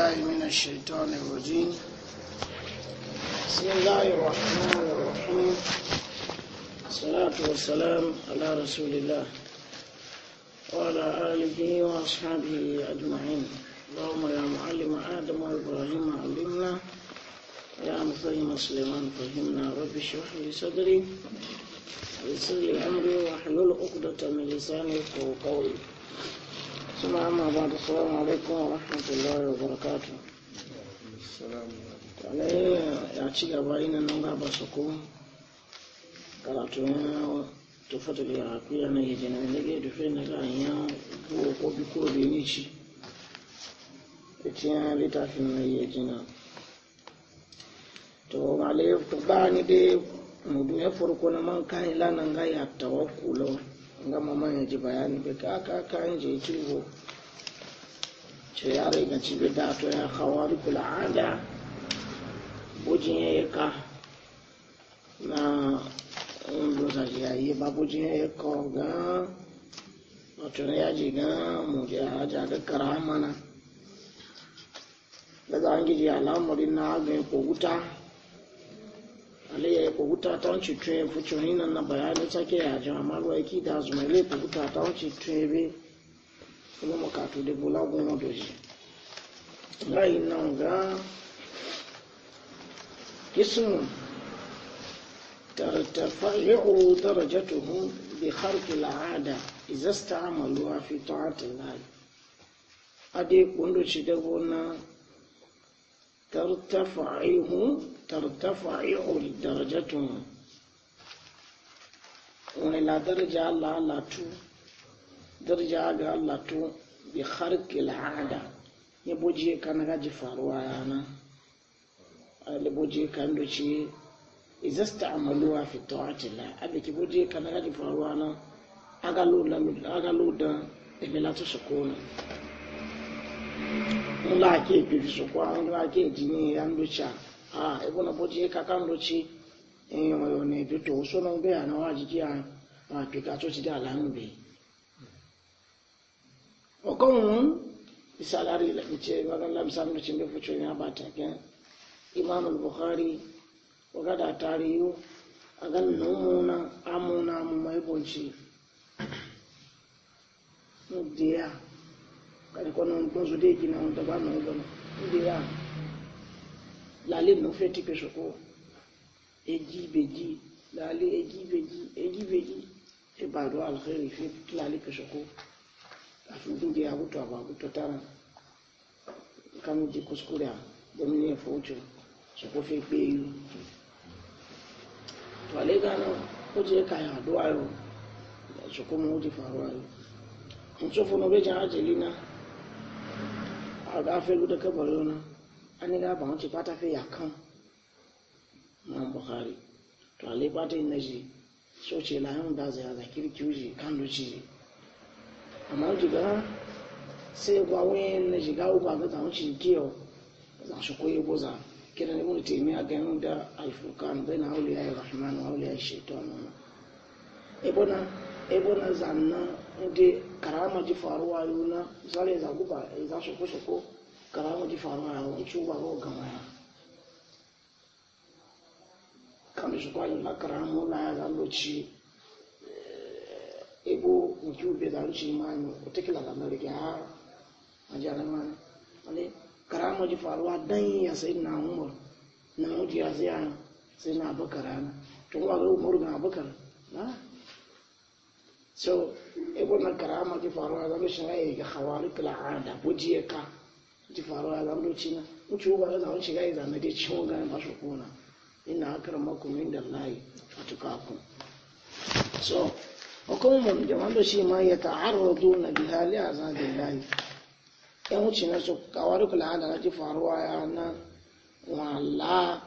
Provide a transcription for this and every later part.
بالله من الشيطان الرجيم بسم الله الرحمن الرحيم الصلاة والسلام على رسول الله وعلى آله وأصحابه أجمعين اللهم يا معلم آدم وإبراهيم علمنا يا مفهم سليمان فهمنا رب اشرح لي صدري ويسر لي أمري واحلل عقدة من لساني قولي ثم أما بعد السلام عليكم ورحمة الله وبركاته tare ya ci gaba ina nan gaba su karatu na da lafiya na yi jinin da ke tufe na ganyen ko kobi ko ni ci ta ci yana littafin na yi jina to malai ba ni dai mudu ya farko na man kayan lanan gaya tawakkulawa gama man ji bayani bai ka aka kayan je kiwo ce ya riga ci bi da to ya hawari kula ada bujin ya ka na losa shi ya yi ba bujin ya yi ka ga wato ya ji ga mu je a ja ga kara mana daga an gidi al'amarin na ga ko wuta ale ya ko wuta ta wanci tun fucin nan na bayanin sake ya jan amma ruwa yake da zuma ile ko wuta ta wanci tun bi kuma makatu da bula goma doji layi nan ga kisun tartafa'i'u darajatuhu bi kharqi al'ada idza ista'maluha fi ta'ati Allah ade kundo ci da gona tartafa'ihu ترتفع درجتهم ونلا درجة الله لا تو درجة لا تو بخرق العادة يبوجي كان غاجي فاروا أنا لبوجي كان دوشي إذا استعملوا في طاعة الله أبي كبوجي كان غاجي فاروا أنا أغلو لا أغلو دا إبلاتو سكونا ńlá kéèké fi sọ̀kọ́ àwọn ńlá kéèké ní a ebo na kaka ndochi eyin na ne bi to so no be ana wa jiji a a pe ka to ti da la nbe o ko un isalari la nche wa la msam no chimbe fucho ya bata ke imam al-bukhari wa tariyu agan mu mai de no lálé nù fẹ́ ti pèsè kó èjì bèjì lálé èjì bèjì èjì bèjì ìbàdó àlùfẹ́rì fẹ́ lálé pèsè kó àfihàn gbígbé àbútọ àbọ̀ àbútọ tára kánú di kúskúrẹ́ à bọ́mí ní ẹ̀fọ́ òjò sọkó fẹ́ gbé irú e? tọ́lé gánà ó ti ẹ̀ka àdó ayọ̀ sọkó mọ́ ó ti fàrọ̀ ayọ̀ nítorí fún ọbẹ̀ jẹ́ àjẹlí náà àgbà fẹ́ lóde kẹ́bọ̀rẹ́ náà. ani ga ba wuce fata fe ya kan nan buhari to ale fata yin naji so ce layan da zai haza kirki uji kan luci amma wuce ga sai gwa wayan na shiga uba ga zama cin kiyo za shi koyi goza kira ne mun taimi a ganin da alfukan bai na hauli ya yi rahman wa hauli ya yi shaitan nan ebona ebona zanna inda karama ji faruwa yuna zare zaguba za su ko su ko karamu ji faruwa ya wuce ba ko gama ya kan su kwa yi na karamu na ya zalo ci ebo nke ube da rushe mani otekila da amerika ha a jihar mani wale karamu ji faruwa dan ya sai na umar na mutu ya sai ya sai na abakar ana tun wa ga umaru na abakar na so ebo na karamu ji faruwa zalo shi na ya ga hawari kila a da bujiye ka ji faruwa ya zama doci na muke uba ya zama shiga ya zama dai ciwon gane masu kuna ina akar makumin da layi a tukakun so hukumar jama'an shi ma ya ta'arrado na bihali a zagin layi yan wuce na su kawar kula da na ji faruwa ya na wala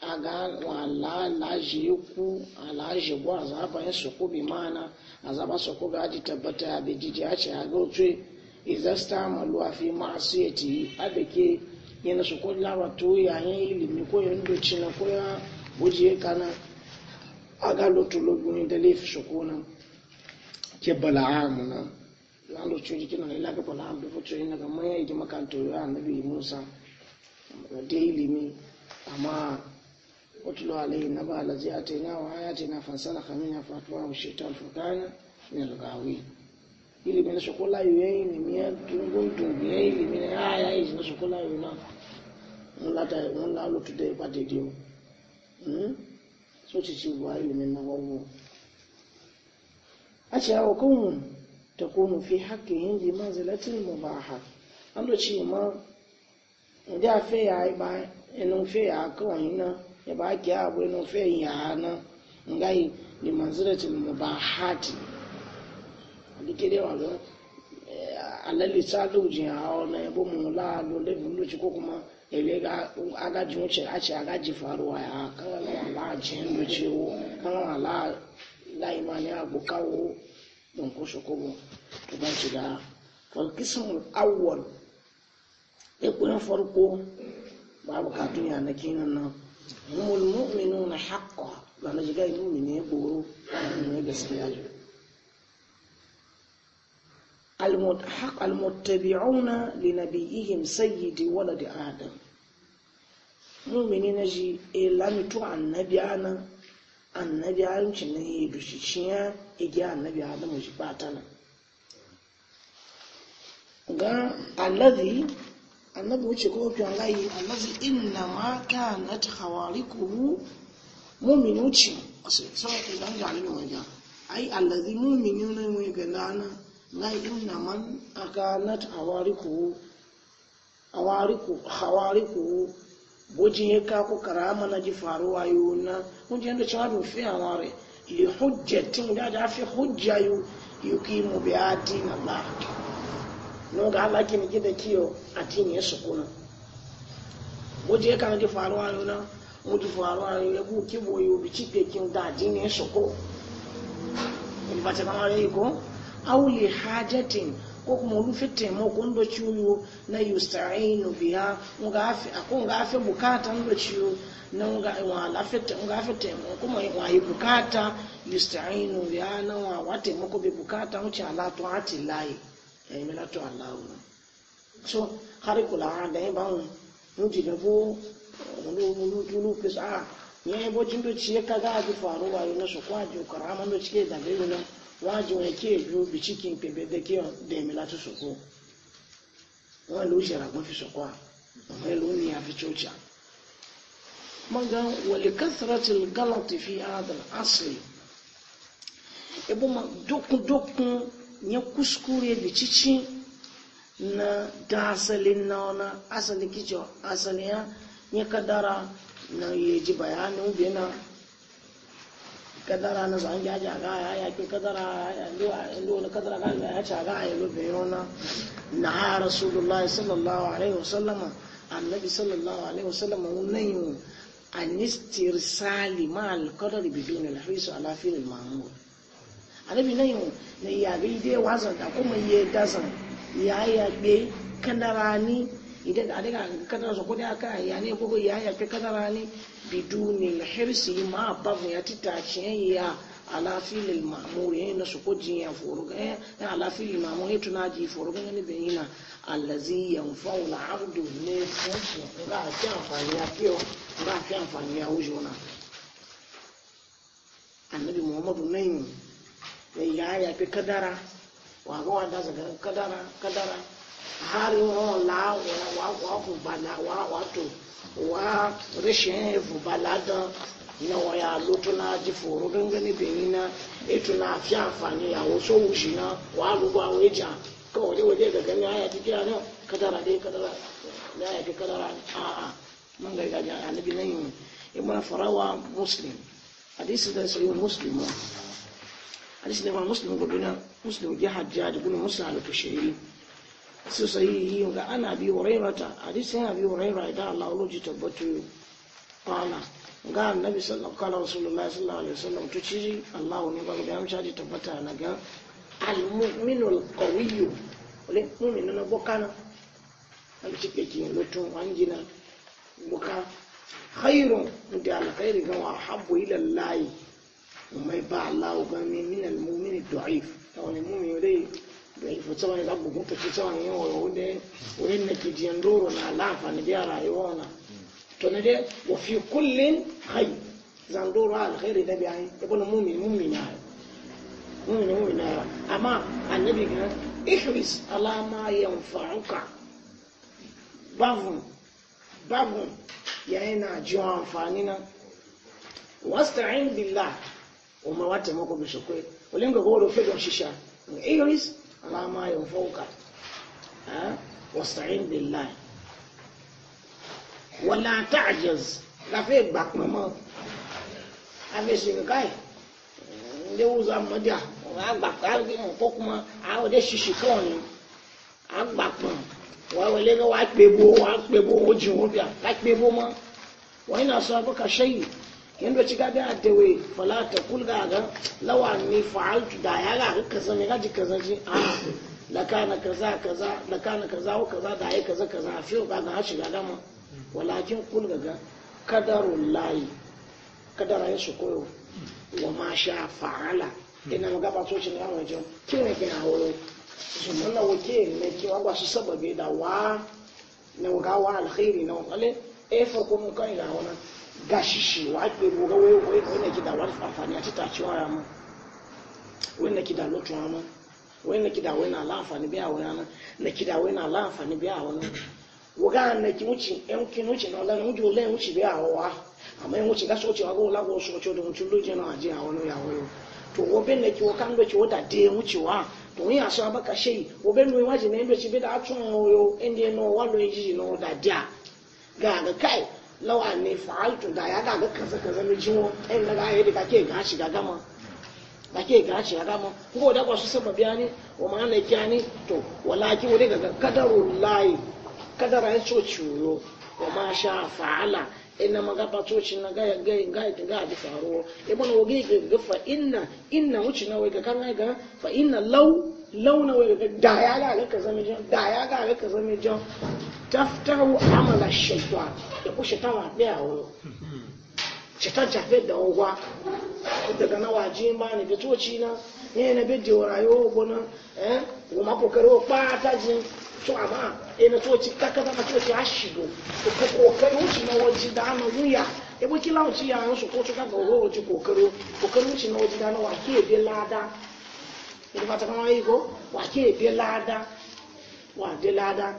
ga wala laji ku alaji bo azaba yin suku bi mana su suku ga ji tabbata a bi jiji ce a ga iza stamalu a fi abe ke, yana su kullawa to yayin ilimi ko yan doci na koya ya bujiye kana aga lotologun ni da laifi su kona ke bala'amu na lando cuji kina ila laga bala'am da fito yana ga maya yi makanta ya annabi musa da ilimi amma واتلو عليه نبأ الذي آتيناه آياتنا فانسلخ منها فأتبعه الشيطان فكان من الغاوين ilimi na sokola yoye ilimi ya dungundu ya ilimi na haya hizi na sokola yoye na nlata nla lo tude pate dio hmm so chichi wa ilimi na wawo acha wa kumu takunu fi haqqi hindi ha mubaha ando chi ma ndia fe ya e ba enu fe ya ko hina ya e ba ki abu enu fe ya na ngai ni ha mubahati likele wa ga eh, alali salu jin awo na yabo e mu la lo le mu lo kuma e ga aga jin a ce aga ji ya kan wala jin lo ce wo kan wala la imani abu kawo don ko so ko to ban da fal awwal e farko ka na nan mu'minuna haqqan jiga mu'mini gaskiya almuttabi'una li nabiyihim sayyidi walad adam mumini na ji e lamitu annabi ana annabi alimci na yi dushiciya igi annabi adamu shi bata nan ga allazi annabi wuce ko fi alayi allazi inna ma kanat hawarikuhu mumin wuce sai sai ga annabi wajen ai allazi mumin yana mai ga ngai inna man aganat hawariku hawariku hawariku bojin ya kako karama na ji faruwa yiwu na kunjiyar yadda cewa dofi a ware li hujjatin da da fi hujja yi yuki mu bi atin Allah no ga ala kini gida kiyo atin ya sukuna boje ka ji faruwa yi wuna mu ji faruwa yiwu ya ki boyo bi cike kin da jin ya suko in kamar yi ko auli hajatin ko kuma rufe taimakon da ciwo na yusta'inu biya ko ga afi bukata da na ngafe taimako kuma bukata yusta'inu biya na wa bukata wuce alatu ati layi ya yi so hari kula da yi ban nuti da bo kaga a ji faruwa yi na su da waji wọn kí èlú bí chicken pèbè dé kí wọn dẹ̀mí láti sòkó wọn ló jẹrà gbọ́n fi sòkó à wọn ló ní àfi chọ́ọ̀chì à. mọ́gá wọlé kásìrò ti gánà ti fi àdàlà àṣìlè ebo ma dókúndókún nye kuskure bí chichi na dasali naona asali kicho asali ya nye kadara na yeji bayani ubi na kadara na zan ya a ga ya ke kadara ndo na kadara ga ya ja ga ya lobe yona na rasulullahi sallallahu alaihi wasallama annabi sallallahu alaihi wasallama wannan yin an istirsali ma al-qadar bidun al-hirs ala fil al-ma'mur annabi nan yin ne ya bi de wazan da kuma ya dazan ya ya be ni? idan a daga kadara su kudi aka ya ne ko ya ya fi kadara ne biduni hirsi ma babu ya tita ciyen ya alafilil mamu ya na su kudi ya foro ga ya alafilil mamu ya tuna ji foro ga ne bin yana allazi ya fawo na abdu ne sunsu ga a fi amfani ya fiyo ga a fi amfani ya wuce wana annabi muhammadu nan ya ya fi kadara wa ga wanda zaga kadara kadara hari wọn la wa wa kun bala wa wa to wa rashin evu bala dan na waya lotu na ji foro gangani benin na etu na fi amfani ya wasu wushi na wa alubu awon eja ka waje waje ga gani aya ti kira nan kadara dai kadara da aya ti kadara a a man ga gaji annabi nan yin ibn farawa muslim hadisi da sayyid muslim hadisi da muslim na muslim ji hajjaji gudun musa al-tushiri su sai sahihi ga ana bi hurairata hadisin abi hurairah idan Allah loji tabbatu qala ga annabi sallallahu alaihi wasallam sallallahu alaihi wasallam to ciri Allah ne ba da amsha di tabbata na ga al-mu'minu al-qawiyyu wale mu'minu na bokana an cike ki lutun wangina buka khairun da alkhairi ga wa habbu ila Allah mai ba Allah ga min al-mu'min ad-da'if to ne mu'min dai dhaifu tsawon za ku kuka ci tsawon yin wayo ne wurin na kijiyan doro na lafa na biya rayuwa na to na dai wa fi kullin hai zan doro alkhairi da biya e ya bani mumin mumin ya mumin mumin ya amma annabi ga ihris ala ma yanfa'uka babun babun yana ji amfani na wasta'in billah umma wata mako bishokwe ulinga goro fedon shisha ihris alama yin fauka wasta'in billahi wala ta'jaz lafe gba pamọ afe shirikai ndị ụzọ mmadụ a agbakọ nkọ kuma a wade shishika ọnụ agbakpọn wa wale ga wa kpebo wa kpebo ojin wobia ka kpebo ma wani na sọ abụka shayi kendo ci gada a tewe falata kulga ga lawa ni fa'altu da ya ga kaza ne gaji kaza shi a la kana kaza kaza la kana kaza wa kaza da ai kaza kaza a ba ga ha shiga dama walakin kulga ga kadarul layi kadara ya su koyo wa ma sha fa'ala ina maga ba to shi ne jin jo kiwe ke su manna wake ne ki wa ba su sababe da wa na ga wa alkhairi na wale e fa mun kai ga wannan gashishi wa ake goga wanda ke da wani amfani a cita cewa ya mu wanda ke da lotu ya mu da na amfani biya wani ana na ke da wani ala amfani biya wani waga na ki wuce yan ki wuce na wala wuce biya wa amma go so na aje ya wayo to wo ben na ki wo kan wo da de wucewa to yin aso na ndo ci bi da atun yo ende no walo no da ga ga kai lawa ne fa'altu da ya ga kaza kaza mai jiwo wani? na gaya da kake gashi ga gama da ke gashi ga gama kuma da kwasu sama biya ne wa ma na kiya ne to walaki wani daga kadarun layi kadara ya so ciwo wa ma sha fa'ala ina maga patoci na gaya gaya gaya ta gaya faruwa ibn wagi ga fa inna inna wuce na wai ga kan ga fa inna law launa wai ga da ya ga ga zama mai jan da ya ga ga zama mai jan taftaru amala shaytan ya ku shaytan wa da yawo shaytan ta fe da ogwa daga na waje ma ne da toci na ne na be de warayo bona eh wo ma kokaro pa ta jin to amma e na toci takata ma toci ashigo ko kokaro shi na waje da na wuya e bo kila wuci ya an su ko to ka ga wo wuci kokaro kokaro shi na waje da na wa ke be lada yadda fata kama yi ko wa lada wa de lada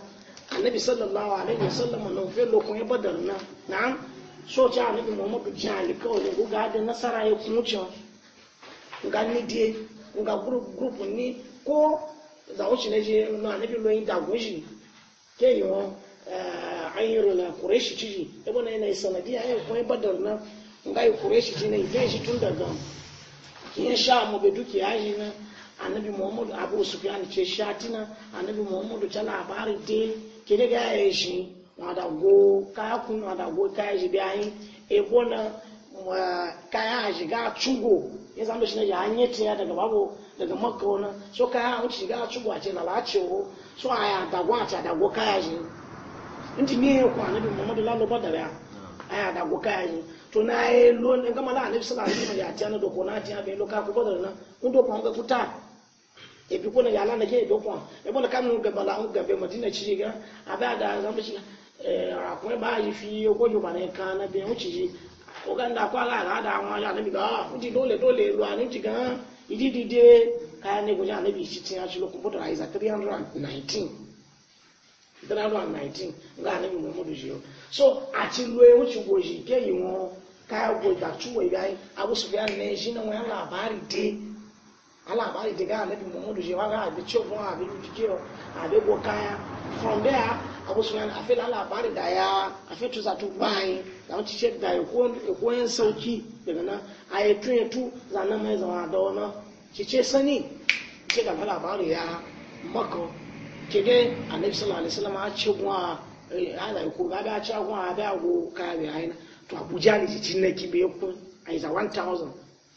annabi sallallahu alaihi wasallam na fe lokun ya badar na na'am so ta annabi muhammadu jali kawai ga adi nasara ya kunce ga ni die ga group ni ko da wuce ne je na annabi loyin da goshi ke yi won eh, ayyuru la quraishi ciji ya bana yana sanadiya badar na ga yi quraishi ciji ne ya na annabi muhammadu abu sufyan ce shatina annabi muhammadu ta labari te kede ga ya shi wada go kaya kun wada go kaya shi bayan ebo na kaya shi ga cugo ya zama shi na ya hanye tiya daga babu daga makka wani so kaya an shiga cugo a ce lalacewo so a ya dago a ta dago kaya shi ya kwa muhammadu a ya kaya shi to na ye la sallallahu alaihi ya tiya na doko na tiya be loka na kun ebi na yala na ke do e bona kam ga bala ga be madina ci ga aba da zan ci eh akwai ba yi fi ko ju bane kana be mu ga nda kwa ga ga da wa ya ne bi ga ji dole dole lo ji ga idi di de ka ne go ja bi a ci lo ko bodo ai 319 319 so a ci lo e ji ke yi won ka go da ci anyị bi ai na wa alabari daga annabi muhammadu shi waga abi ce ogun abi jike abi go kaya from there abu sunan afil alabari da ya afi tusa tu bai da mu ce da ya kuwa yin sauki daga nan yi tun ya tu za nan mai zama da wani ki ce sani ce da alabari ya mako ke dai annabi sallallahu alaihi wasallam a ce kuma ala ko ga da ci kuma da go kaya bai aina to abuja ne ji cinna ki bai ko ai za 1000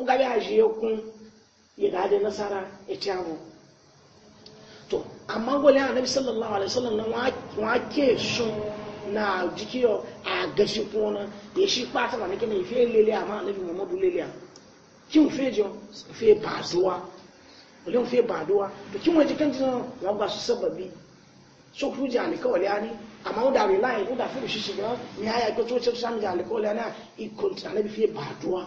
nga a azie kun yɛga de nasara ɛkyɛ awo to amma a anabi sallallahu alaihi wasallam na wa ke sun na jiki a gasi kuna na yɛ si kpaata na ne kɛ na ife lele ama anabi muhammadu lele a kin n jiyo jɔ fɛ baaduwa wale n fɛ baaduwa to kin n wɛ jikan jina wa gba so sababi so kuru jɛ ale kawale ani amma o da rely o da fi o sisi gan ni a y'a kɛ cogo cɛ sisan mi jɛ ale kawale ani a i kɔntina ale bi fɛ baaduwa.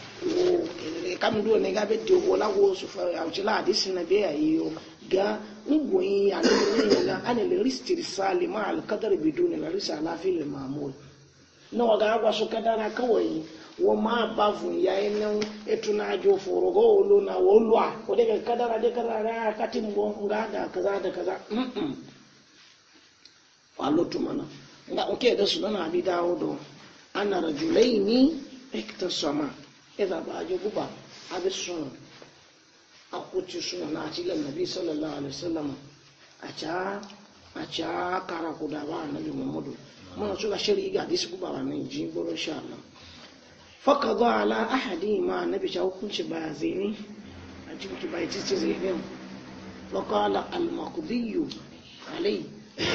kam do ne ga bete o la go su fa a ci la hadisi na be ayi yo ga ngoyin ya ne ne na ana le ristir salima al qadar bidun al risala fil mamul na ga agwa su kadara kawai wa ma bavu ya ene etuna ajo forogo olu na wolwa o daga kadara de kadara katin bo nga da kaza da kaza mm mm wallo tumana nga oke da bi da dawo do ana rajulaini iktasama iza ba ji guba a bi suna na cilan nabi sallallahu alaihi wasallam a ca a ca kara ku da ba annabi muhammadu muna suka shari'i ga disi guba ba nan ji gurin sha Allah faka ala ahadi ma annabi ta hukunci ba zaini a cikin bai cici zainin fakala almakudiyu alai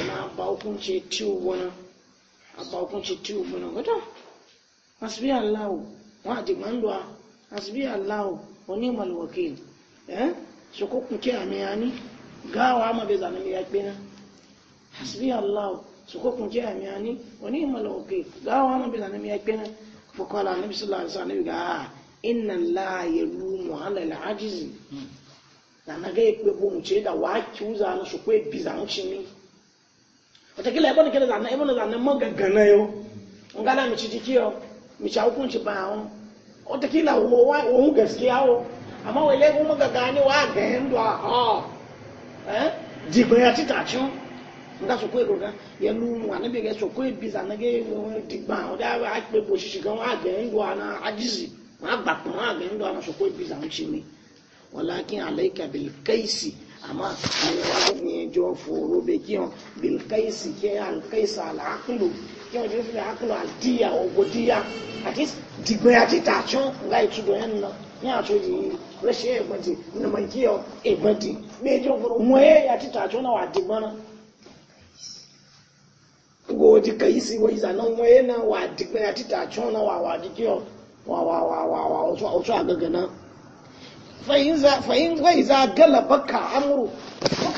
na ba hukunci ciwo wani a ba hukunci ciwo wani gata masu biya lawo wọn àti gbàndùà asibi aláwọ onímọ̀lù wọ̀kìl ẹ́ sokokun kí àmì àní gáwà á mọ̀ bí zànà mi yá gbé aláwọ sokokun kí àmì àní onímọ̀lù wọ̀kìl gáwà á mọ̀ bí zànà mi yá gbé náà fọkànlá níbi sílá àti sànà ìgbà áà iná láàyè lu mọ̀hálà ilẹ̀ ájìzì nana gẹ́ ìpè bohùn tí da wàá kí ó zànà sokó èbì zànà kí mi ọ̀tẹ̀kẹ́lẹ̀ ẹ̀kọ́ nìkẹ́lẹ̀ zànà ẹ̀bọ̀n zànà mọ́ gàgànà yọ ń gánà mi ti di kí yọ. misha hukunci ba hon watakila ohun gaskiya o amma wale kuma ga wa ga hindu a ha eh jibin ya tita cin nga so ko egoga ya lu mu ana bi ga so ko na ge wo ti gba o da ba pe bo shishi gan wa ga hindu ajizi gba pon wa ga hindu so walakin bil kaisi amma wa jo foro be kiyon kí wọ́n ti fi akọlọ àdíyà ògbòdíyà àti dìgbẹ́ àti tààtsọ́ nga ìtúdọ̀ yẹn nà ní àtúndì yìí rẹ́sẹ̀ ẹ̀gbọ́ntì nàmọ̀jì yọ ẹ̀gbọ́ntì méjì òfurufú mọ̀ ẹ́ àti tààtsọ́ náà wà dìgbọ́n náà ngoji ka yi siwa yi zanen waye na wa digbe ya tita cona wa wa jiki wa wa wa wa wa otu a gaga na fahim zai za galaba ka amuru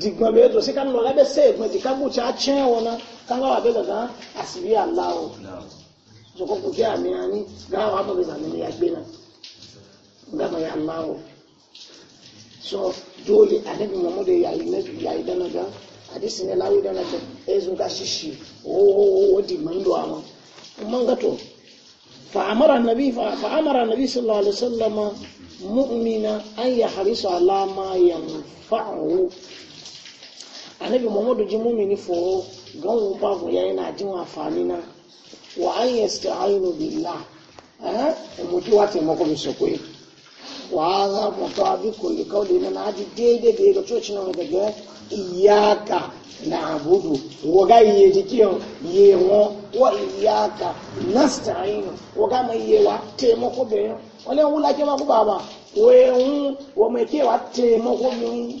jìgbọ́n lóye tó sí kánú lọ́gá bẹ́ sẹ́ ìgbọ́n jìká bù tí a tiẹ́ wọn ná káńgá wà bẹ́ gàgán àsìrí àlá o sọkọ́ kò kí àmì àní gáà wà bọ̀ bẹ́sà nínú yàgbé náà gáàmà yà ńlá o sọ dóòlì àdébì mọ̀mọ́dé yàyí mẹ́tù yàyí dánadáná àdísì ní láwí dánadáná ká ṣíṣì owó di mọ́ndọ̀ àwọn mọ́ngàtò fàámàrà nàbí fàámàrà annabi muhammadu ji mumini foro ganwo babu ya yana jin amfani na wa an bi la eh mutu wa taimako bi sokoi wa za mu ta bi kulli kauli na na naji daidai da ga coci na daga iyaka na abudu waga iye jikiyan ye won wa iyaka nasta'inu waga mai yewa taimako bayan wani wula ke ma ku baba wa mai kewa taimako bayan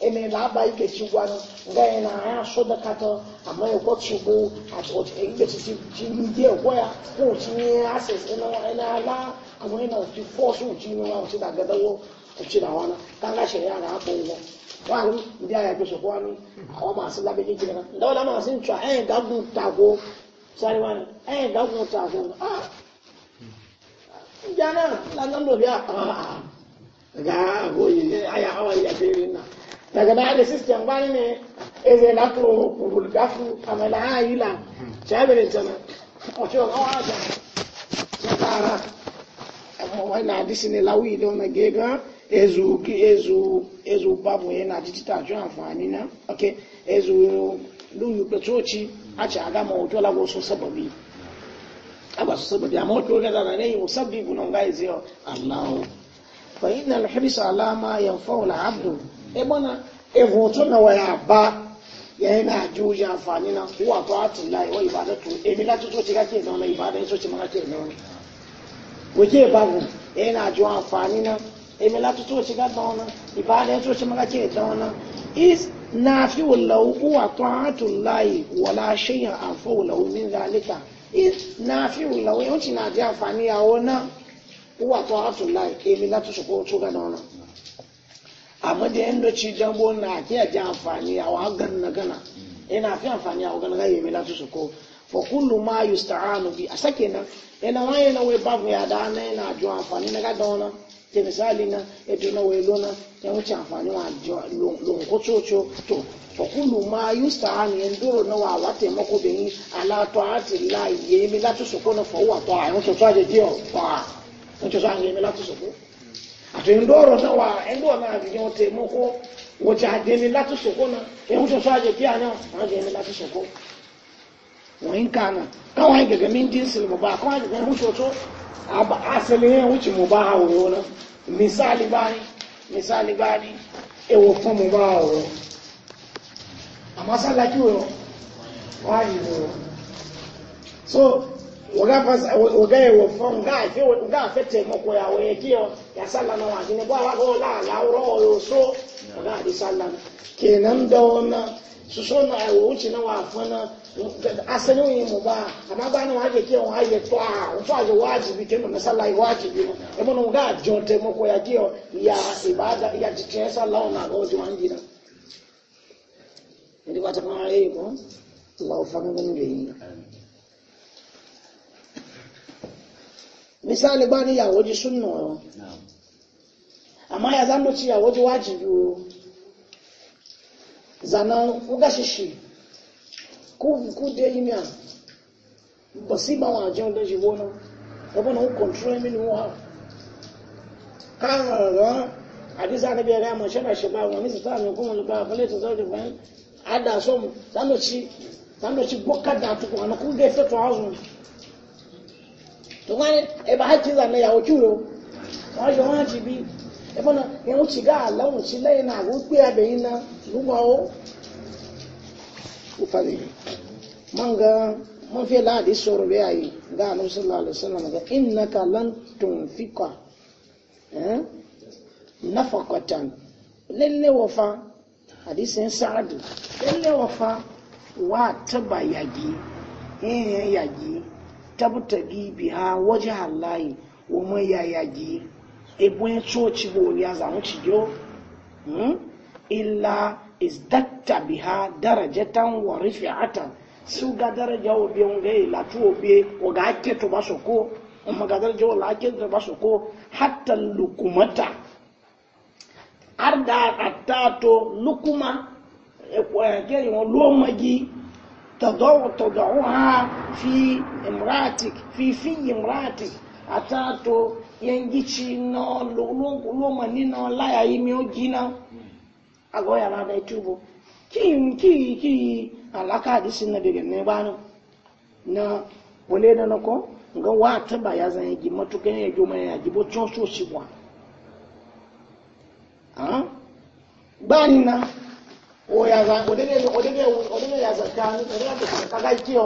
ene laba ike chigwanu nga e na e e ya soda kata ama ya kwa chigbo ibe chisi chimide ya kwa access ala uchi uchi wana ya na apo ni labe na ndawo la ma si ntra eh gagun tago sari wani eh a tago ah na la nando bia ga go ye na daga na da system ne Eze zai lato kurul gafu haa malaha yi la shabirin tana o ce wa a ta na tara amma wai na disi ne lawi don na gega ezu ezu ezu babu yana jijita ju amfani na ok ezu luyu petoci a ce a gama hoto lago sun sababi a ba su sababi amma hoto ga zana ne yi musabbi gunan ga izi allahu fa inna alhirisa alama yanfa'u al'abdu ebona ehoto na waya ba yayin na juji amfani na wa to atin lai wa ibada to emi la tuto ti kake na ibada so ti maka ke na woje ba go yayin na ju amfani na emi la tuto ti ga don na ibada so ti maka ke don na is nafi wallahu wa ta'atul lahi wala shay'an anfa'u lahu min zalika is nafi wallahu yau ti na ji amfani yawo na wa ta'atul lahi emi la tuto ko to ga don na amma da jambo na ke ji amfani a wa na gana ina e fi amfani a wagan gaye mai latu su ko fa kullu ma yusta'anu bi a sake ina e wa e na babu ya da na yana ju amfani na ga dauna ke misali na eto na lona ya wuce amfani wa lonko coco to fa kullu na wa wa ala ta'ati la su ko na fa wa so zindoro na wa endo na aviyon te moko wo ti adeni láti soko na ehun so so aje na ma je ni láti soko won in kana ka wa gege min din ka wa so so aba asele mo ha wo na misali bani misali e wo mo ba wo amasa la ki wo wa wagaya wafon ga afe taimako ya waye kiyo ya sallama waje ne ba ya wuro ya oyo so ga di sallama ke da wannan su so na ayo uche na wafana asalin yi mu ba amma ba ni waje kiyo waje to a wato aje wajibi na sallai e mun ga jo taimako ya kiyo ya ibada ya jikin sallawa na na Ndị misali ba ni yàwó di súnà ọ àmọ ya zanu ti yàwó di wájìbì o zana ku ṣiṣì kú kú dé yìí à bọ̀ sí bá wọn àjẹun lójú wọ́n náà ọgbọ́n ó kọ̀ntúrọ̀ mi ni wọ́n hà káàrọ̀ rán àdísá níbi ẹ̀rẹ́ àmọ̀ ṣẹ́lá ṣe bá wọn ní sísá àmì òkú wọn lè bá abúlé tó sọ́ọ́ dìbò àdá sọ́mu zanu ti zanu ti gbọ́kadà àtúkọ̀ àná àwọn. wani ebe ha ci na yawo kiro wọn yọ ji bi ebe na e ihun ga ala ohun ci na àwọn gbé abẹ yìí na ugbo o ufari man ga man fi láàdì sọrọ ga anu sallallahu alaihi wasallam ga inna ka lan tun fika eh? lalle wafa hadisin sa'adu lalle wafa wa taba yagi yagi tabtagi biha waje halayi wa mai yayagi ebun coci bori ya zamu cijo hmm? illa izdatta biha darajatan wa rifi'atan su ga daraja ila nga ilatu obe ga ake to baso ko umma ga daraja wa ake to baso ko hatta lukumata arda atato lukuma e, e, ke yi lo magi تضع تضعها في امراتك في في امراتك atato yengichi no lulungu luma nino laya imiojina agoya na da itubu ki ki كي alaka على sinna bege ne banu na wole da nako wata ba ya zan yi matukan ya goma ya bo chon so shi kwa ba ni na oyaza odene odene odene yazakani odene kaga kiyo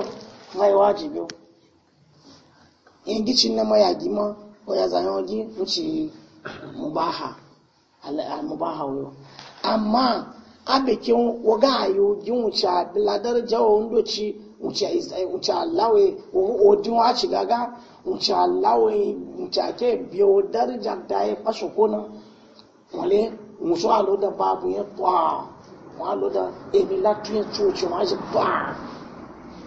ma amma abekin waga ayo jin ucha biladar jawo ndochi ucha eh, ucha lawe odin wa ci gaga ucha lawe ucha ke biyo wale musu alo da babu ya kwa wọn lọ da èmi látúnyẹ tóòtù wọn ṣe báà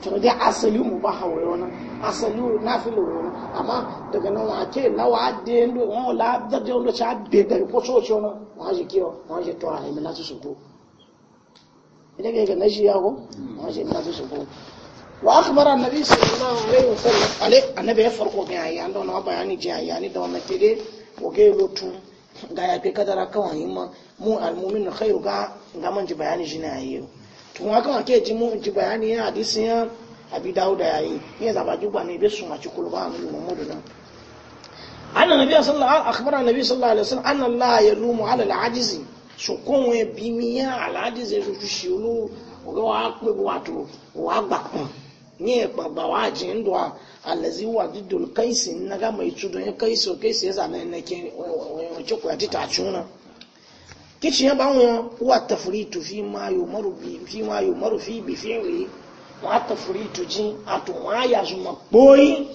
tọrọ dẹ asẹlẹ mu bá hàwẹ wọn na asẹlẹ wọn náà fi lè wọn na àmà dẹgẹ náà wọn àké láwọn àdé ńlọ wọn ò lá dẹdẹ ńlọ ṣe àbẹ dẹgẹ kó tóòtù wọn na wọn ṣe kí ọ wọn ṣe tọ àyè mi láti sòkó ẹdẹgẹ gẹ náà ṣe yà kó wọn ṣe mi láti sòkó. واخبر النبي صلى الله عليه وسلم عليه النبي يفرق بين عيان دون بيان جايان دون تدي وقيلوا ga ya fi kadara kawai himma mu almumin na khairu ga gaman ji bayani shi na yi tun haka wa ke ji mu ji bayani ya hadisin ya abi dawo da yayi ya zaba ji ba ne bai su maci kulba a nuna mamudu nan an nabi sallallahu alaihi akhbara nabi sallallahu alaihi wasallam anna allah yalumu ala al-ajiz su konwe bimiya al su su shi ulu ga wa pe wato wa gba ni e pa ba wa jin do a alazi wa didul kaisi na ga mai tudun ya kaisi o kaisi ya zana na ke wani kuwa ti ta cuna kici ya ban wọn wa tafritu fi ma yumaru bi fi ma yumaru fi bi fi wi wa tafritu ji to wa ya ma boyi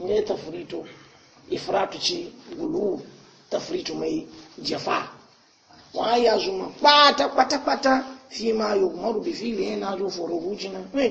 ne tafritu ifratu ci gulu tafritu mai jefa wa ya ma kwata kwata kwata fi ma yumaru bi fi ne na zo foro hujina mai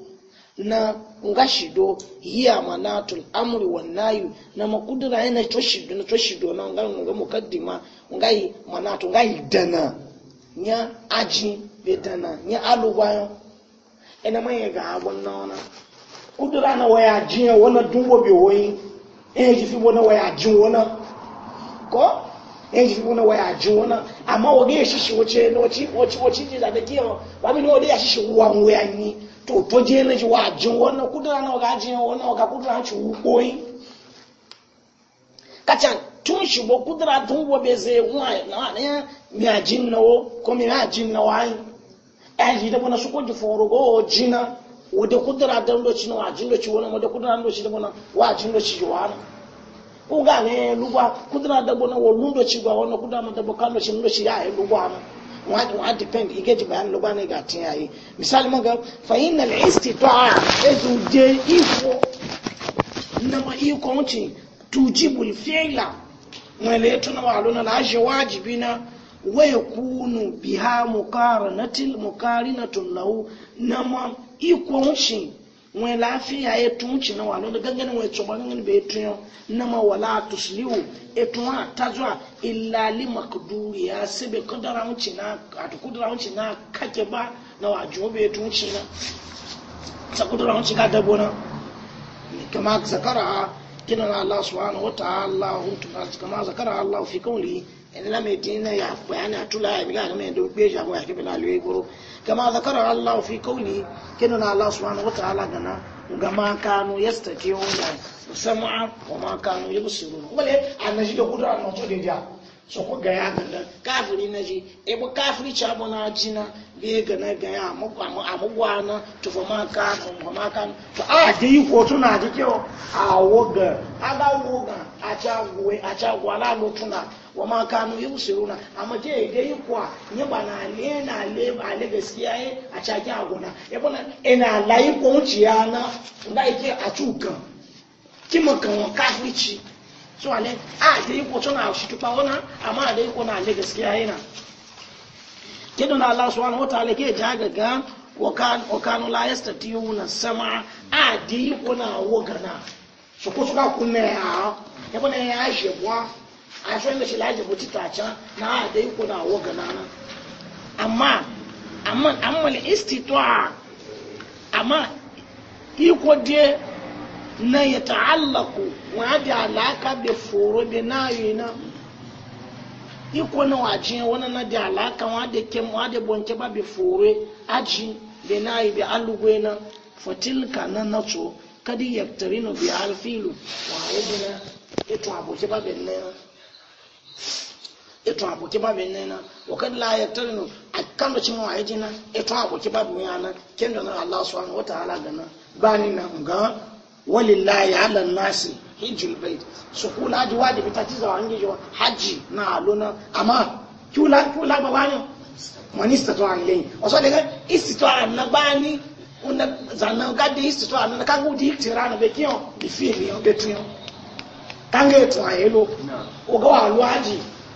na ngashido hiya manatul amri wan nayu na makudura yana toshido na toshido na ngal nga mukaddima ngai manatu ngai dana nya aji be dana nya alugwa ena maye ga na nona kudura na waya jiya wona dungo be woyi eh jifi wona waya jin wona ko eh jifi wona waya jin wona amma wode shishi wace no wace wace wace da kiyo ba mi ya wode shishi wa mu yanyi to to je na ji wa jin wannan kudura na ga jin wannan ga kudura ci koyi kacan tun shi bo kudura tun bo be ze wa na ne mi ajin na wo ko mi ajin na wa yi ai ji da bona su ko ji foro go jina wo de kudura da ndo ci na wa jin do ci wannan wo de kudura ndo ci da bona wa jin do ci wa na ko ga ne lugwa kudura da bona wo lundo ci ba wona kudura ma da bo kan do ci ndo ci ya ai lugwa na wa depend ike ji bayan lugba ne ga tin yayi misali mo ga fa inna al istita'a ezu je ifo na ma iko unti tujibul fi'la wa la na wa aluna la shi wajibina wa yakunu biha muqaranatil muqarinatun na ma iko unti wọn lafiya ya tunci na walo da ganganin wai tsoba ganganin bai tunyo na ma wala tusliu etun a tazwa illa li makduri ya sibe kudara wuce na a kudara wuce na kake ba na wa wajo bai tunci na ta kudara wuce ka dabo na kama zakara kina na Allah subhanahu wa ta'ala kama zakara Allah fi kawli لمدينة يعفوان أتلا يبقى من دو بيج أبو يحكي بلا لوي برو كما ذكر الله في قوله كننا الله سبحانه وتعالى قلنا وما كانوا يستطيعون سمعا وما كانوا يبصرون ولي أنا جيت أقول أنا أقول لك soko gaya ganda kafiri na ji ebo kafiri ci abu na ji na biye gana gaya amugwa na tufa maka tufa maka to a ji yi kotu na ji kyau a woga aga woga a ci agwala lotuna wa ma kanu yusiruna amma je ga yi kuwa ni ba na le na le ba le gaskiya yi a cikin agona ya bana ina layi ko ciya na da yake a tukan kima kan wa kafirci so ale a je yi ko tuna shi tupa wana amma da yi ko na le gaskiya yi na kidon Allah subhanahu wa ta'ala ke jagaga wakanu la yastatiyuna sama a di kuna wogana su kusuka kunne ya ya bana ya shebwa a san da shi laji guci ta can na da yi kuna wa gana nan amma amma amma istitwa amma iko de na ya alako wa da alaka da foro da na yi na iko na wa waje wani na da alaka wa da kem wa da bonke ba bi foro aji da na yi bi alugwe na fatilka na nato kadi yaktarinu bi alfilu wa yadina ito aboke ba bi na ito aboki babu ne na wakan la ya tarinu a kan da cimma waye jina ito aboki babu ya na kendo na Allah subhanahu wataala ga na bani na ga walillahi ala nasi hijjul bait su kula ji wajibi ta ci zawan ji haji na aluna amma kula kula ba wani manista to an lei o so daga istito an na bani una zanna gadi istito an na kangu di tirana be bai di fili o betu yo kange to ayelo o ga wa luaji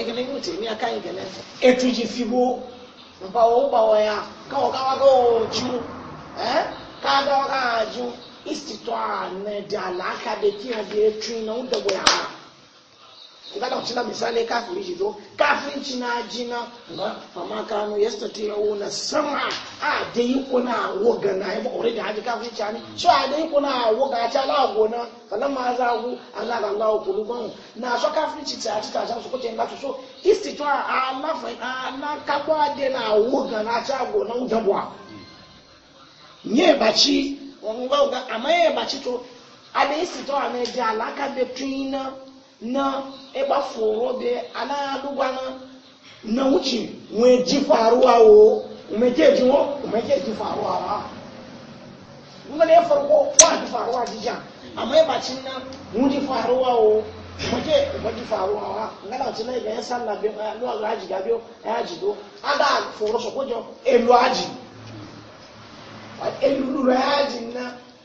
egele yi wote mi aka egele etu dzi fi wo nfa wo ba wɔ ya ka wɔ ka wɔ dzi wo ɛ ka da wɔ ka dzi ne alaka de ti de na de ha. ngada kuchina misale kafiri chizo kafiri china jina fama kanu yesterday una sama a de yuko na woga na yabo already haji kafiri chani so a de yuko na woga cha la gona kana maza ku ana ga Allah ku lugon na so kafiri chita chita cha so kote ngatu so istitwa Allah fa ana kakwa de na woga na cha gona ujabwa nye bachi wanga uga amaye bachi to ade istitwa na de alaka between na ịgbafuro dị anaalụgwana na wuce nwee ji faruwa wo umeje ji ji ngana ya ji faruwa jija amma ya bacin na ji umeje umeje faruwa ngana ci lai ga ya bi lu ga haji ya elu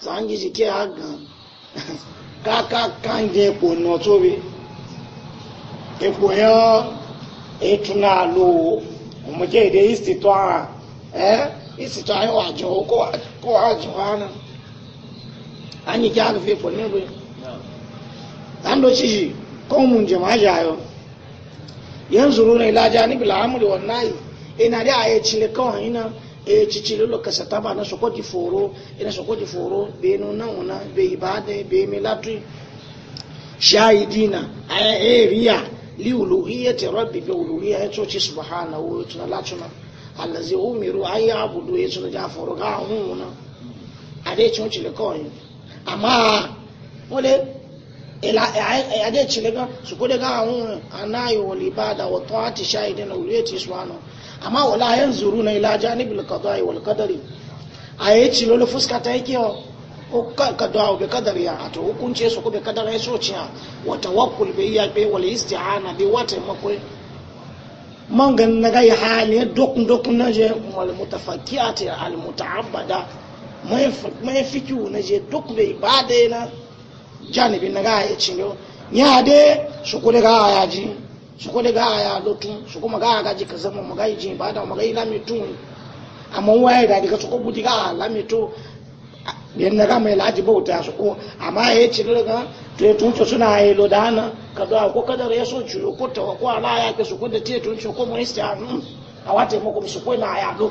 zangi ji ke agan kaka kanji epo na tobe epo etu na alowo omoke ede istito ara eh istito ayi wa jo ko ko wa ana anyi ke aga fe po ni bo ando chishi ko mun je ma jayo yanzu runa ilaja ni bil amri wan nahi ina da ayi chile ko ina e cicili lo kasata na sokoti foro ina sokoti foro be no na una be ibade be milatu shahidina aya eriya li uluhiyyati rabbi bi uluhiyyati to ci subhanahu wa ta'ala latuna allazi umiru ay abudu yesu ja foro ga hununa ade chon chile ko ama wole Um, a ɛyade kyele ka sukode ka ahun anayi wali bada wa taati shahidi na wuli su suwano ah, amma wala ayan zuru na ila janibi lakadu ayi wal kadari a yi ci lo fuska ta yi yake o kadu awo be kadari ya ah, ato hukunce su ko be kadari ya soci ya wata tawakkul be iya be wal isti'ana be wata mako man gan na ga ya hali dokun dokun na je wal mutafakkiat al muta'abbada mai fikiu na je dokun bai be ibada na janibin na gaya icin yau ya de su kuɗi ga ya ji su kuɗi ga ya lotun su kuma ga gaji ka zama mu gai ji ba da mu gai lamitun amma waye da daga su kuɗi diga lamito bien na ga laji bauta su amma ya ci daga to ya suna yi lodana da ko kadar ya ke su kuɗi a wata mako su ko na aga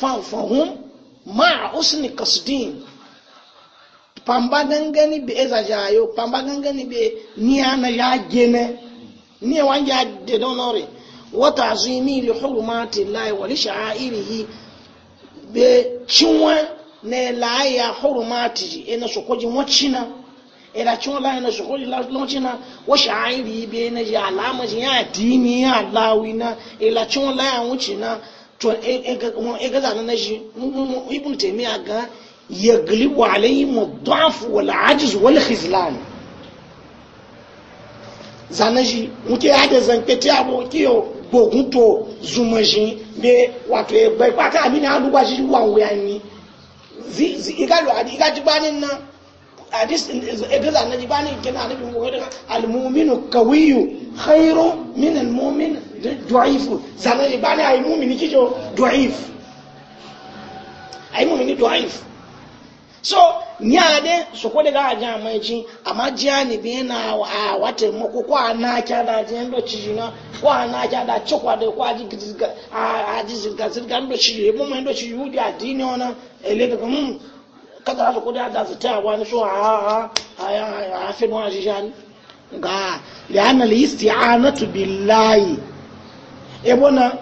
fahum ma usni kasdin pamba gangani be eza jayo pamba gangani be niyana ya gene niya wanje de donore wa ta'zimi li hurumati llahi wa li sha'airihi be chinwa ne la ya hurumati ina sokoji wacina ina chinwa la ina sokoji la wacina wa sha'airihi be na ya alama ya dini ya lawina ila chinwa la ya wucina to ega e, e, zana na shi ibn taymiya ga yaglibu alayhim ad-da'f wal ajiz wal khizlan zana shi muke hada zankete abo kiyo gbogun to zuma shi be wato egbe pata amina alugba shi wa wuya ni zi zi igalu e, adi igaji banin na hadis da annabi bani kina annabi mu ga almu'minu qawiyyu khairu min almu'min du'if sanan bani ay mu'mini kijo du'if ay mu'mini du'if so nyaade so ko daga aja mai chi amma jani bi na a wata mako ko ana kya da jin do chi ko ana kya da chokwa de ko aji gidiga a aji zirga zirga ndo chi e mu mai ndo chi yudi adini ona ele ga mun hmm. kaza su kudi a su ta wani so a a a a shi shani ga liyan al-isti'anatu billahi ebo na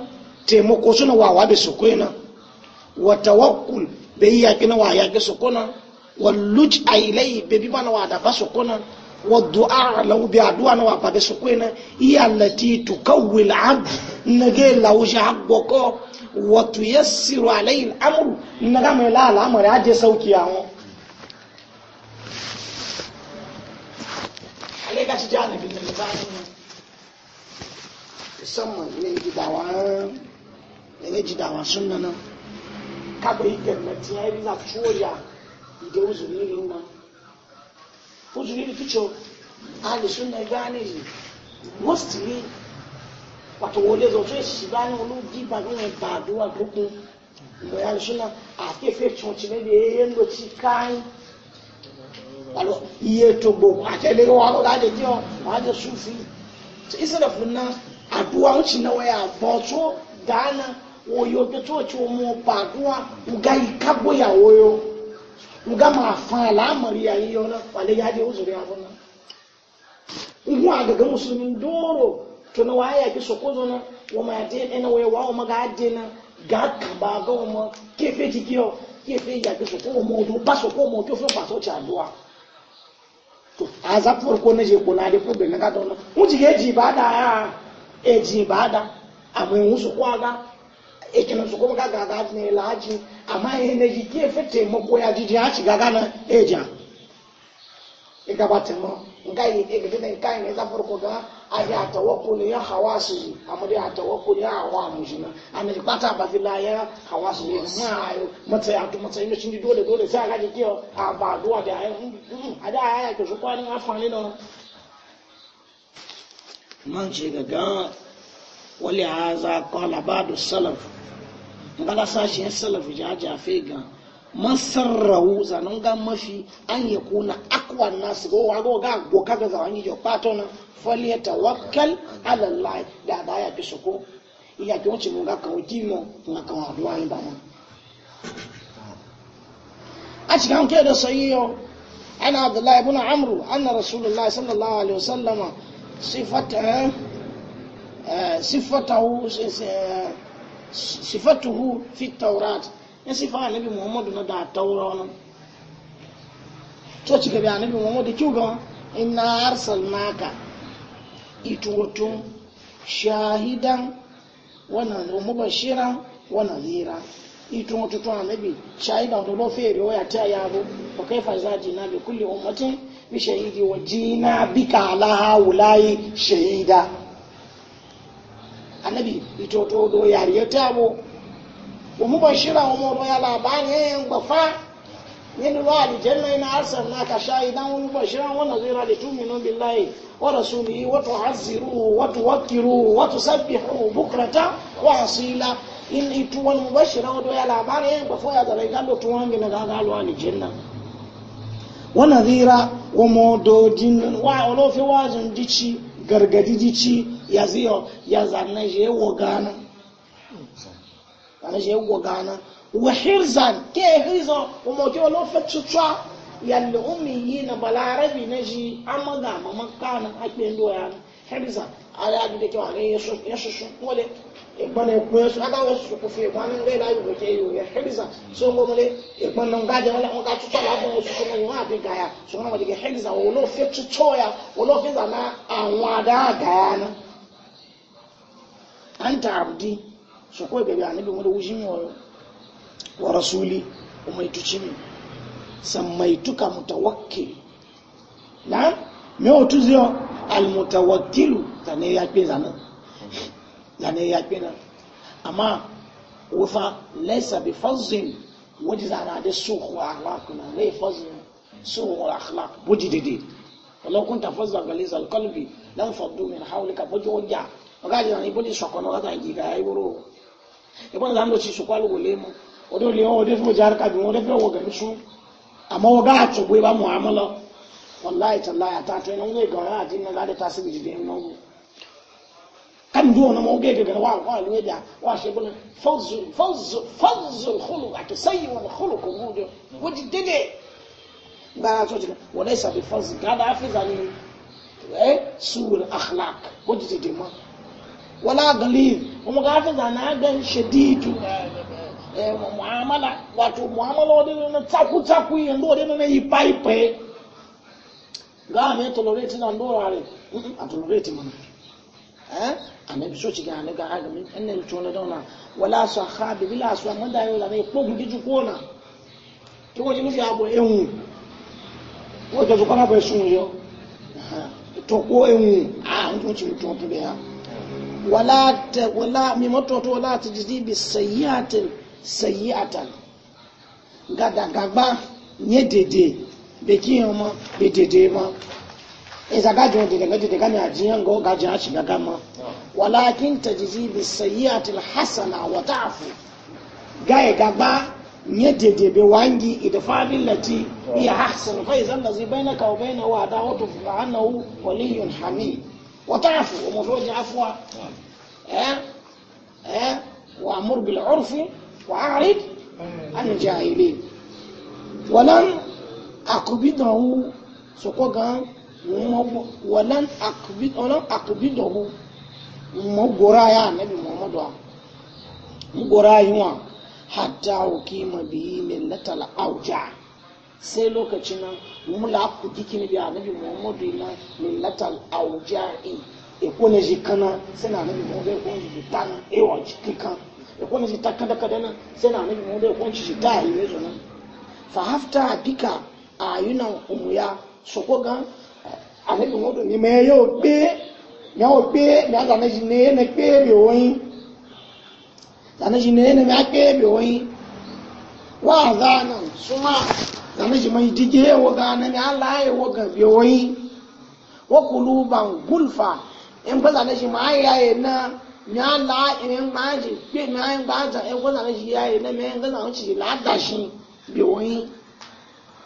taimako suna wawa bai su na wa tawakkul bai yaki na wa yaki su kuna walluj ilai bai bi mana wa da ba su kuna والدعاء لو بيعدوا نوا بابسكوينا هي التي تكوي العبد نجي لو جعبكو وتيسر عليه الامر نغام لا الامر اجي سوكي اهو عليك تجعل في الميزان يسمى من جدعوان من جدعوان سننا كابريكا متياري لا تشويا يدوزو نيرنا fojúrí fíjọ alẹ́sùn náà gbá ní ìlú mọ́sítìrí pàtó wọlé lọ tó èsì bá ní olú bí ìbàdí wọn bá àdúrà gbókun ìgbà alẹ́sùn náà àkẹ́fẹ́ tí wọ́n ti lẹ́bi eyé ló ti káyín alo iye tó gbogbo àtẹlẹ wọn lọ láti jẹ ọ wọn á jẹ sùfì ìṣẹlẹ fún náà àdúrà ń ti náwó yà bọ tó gánà wòye ojú tó ti wọn mú pàdúrà ọgá yìí nga ma fa al'amari yayin yau na wale ya je uzuri abun nan ngun a gaga doro to na waya ya ki sokozo na wa ma de waya wa ma ga de na ga ka ba ga mo ke fe ti ki o ke fe ya ki sokozo mo do ba sokozo mo to fo pa so cha duwa to a za farko na je ko na de problem na ga don na mu ji ge ji ba da ya e ji ba da amma mu su kwa ga ga aga ga ne laji amma energy ke fe taimako ya jiji ya shiga gana eja e gabatin ma nga yi na nka dan ga a ya tawakkul ya hawasu amma da tawakkul ya awamu ya hawasu ne ya dole dole a ba duwa da ya ke su kwanin afani no man ce wali haza ngala sashen salafi ja jafe ga masarrawu zanen ga mafi an ya kuna akwa nasu ga wago ga goka ga zawon yijo pato na faliya tawakkal ala da ba ya fi soko iya ki wuce mun ga kawo kimo na kawo aduwa yi ba nan a cikin hanke da sayi yau ana abdullahi ibn amru anna rasulullahi sallallahu alaihi wasallama sifata eh, sifatahu eh, sifatuhu fi taurat ya sifa annabi muhammadu na da taura to ci gaba annabi muhammadu kiu ga inna arsalnaka itutun shahidan wannan mubashiran wana zira itutun to annabi shahidan to lo fere waya ta bu, yaro wa kaifa zajina bi kulli ummatin bi shahidi wa jina bika ala haula'i shahida ito to do ya tabo wa mubashira wa mo ya labari yayin gbafa wa wali janna ina na ka shahidan wa mubashira wa nazira li tu'minu billahi wa rasulihi wa tuhazziruhu wa tuwakkiru wa tusabbihu bukrata wa asila in itu wal mubashira wa do ya labari yayin gbafa ya zalai gando tuwangi na gagalo ni janna wa nazira wa mu do jinna wa olofi wazun dici gargadi jici ya ziyo ya zane shi ya gana zane shi ya gana wa hirzan ke hirzo kuma ke wani fe ya yalle ummi yi na balarabi na ji amaga mamakana akpe ndo ya hirzan ala gide ke wa ga ya shushun wole ikpana ekwe so aga wosu kufi ikpana ngai la yugo je yugo hibza so ngo ngomole ikpana ngaje wala nga tuta la bo suku ngo nwa bi gaya so ngo wali hibza wo lo fe tutoya wo lo fe na anwa da gaya na anta abdi so ko bebe anabi mo do wujimi wo wa rasuli umaitu chimi samaituka mutawakkil na me otuzio almutawakkilu tane ya pezana zane ya kpina amma wufa laisa bi fazin wajen zana da suhu akhlaq na lai fazin suhu akhlaq buji dide walau kunta fazza galiz alqalbi lan faddu min hawlika buji wajja magaji zane buji sokono ga giga yayi wuro ibon zan do ci su kwalu gole mu odo le o de fo jar ka bi o de fo wo gani su amma wo ga to gwe ba muamala wallahi tallahi ta to ne ga kan do na moge ga wa wa ne da wa shi bula fawz fawz fawz khuluq atusayi wal khuluq mud waji dede ba so ji wa laysa bi fawz gada fi zani eh suul akhlaq waji dede ma wala galil kuma ga fi zana gan shadidu eh, muamala wato muamala wadin na taku taku yanzu wadin na yi pai pai ga me tolerate na ndo a tolerate mana anabi so cikin hannu ga agamin ɗan nan tona dauna wala su a haɗe bila su a manda yau da mai kpogun giji kona ki waje nufi abu ehun wajen su kwana bai sun yau to ko ehun a an tun ci mutum tu da ya wala ta wala mi matoto wala ta jidi bi sayyatin sayyatan gada gagba nye dede bekin yau ma be dede ma iza gajin da daga daga ne ajiyan go gajin a shiga gama walakin tajzi bi sayyi'ati alhasana wa ta'fu gaye gaba nye dede be wangi idfa billati ya ahsan fa iza allazi bainaka wa bainahu adawatu fa annahu waliyyun hamid wa ta'fu wa mufroji afwa eh, eh? mmogo walan akubi walan akubi dɔgu mmogora ya anabi muhammadu a mmogora yi wa hatta wuki ma biyi millata la auja sai lokacin nan mula ku dikin bi n'abi muhammadu na millata la auja in eko ne ji kana sai na anabi muhammadu eko ne ji tan ewa ji kan eko ta kada kada na sai na anabi muhammadu eko ne ji ta yi mezo nan fa hafta bika ayunan umuya soko gan àníbi wọn dùn ní mẹ yóò gbé yàwó gbé ní àtànẹ́jì ní ẹnẹ gbé bí òyìn àtànẹ́jì Wa za na gbé bí òyìn wà á zá nà súnmọ́ àtànẹ́jì mọ ìdíje ẹwọ gan ní aláyẹ wọ gan bí òyìn wọ́n kò lu bàn gúlfà na, àtànẹ́jì ala ayé ayé náà ní aláyẹ ní ba za, gbé ní ayé gbáàjà ẹnpẹ́ àtànẹ́jì ayé náà mẹ ẹnpẹ́ àtànẹ́jì ládàá sí bí òyìn.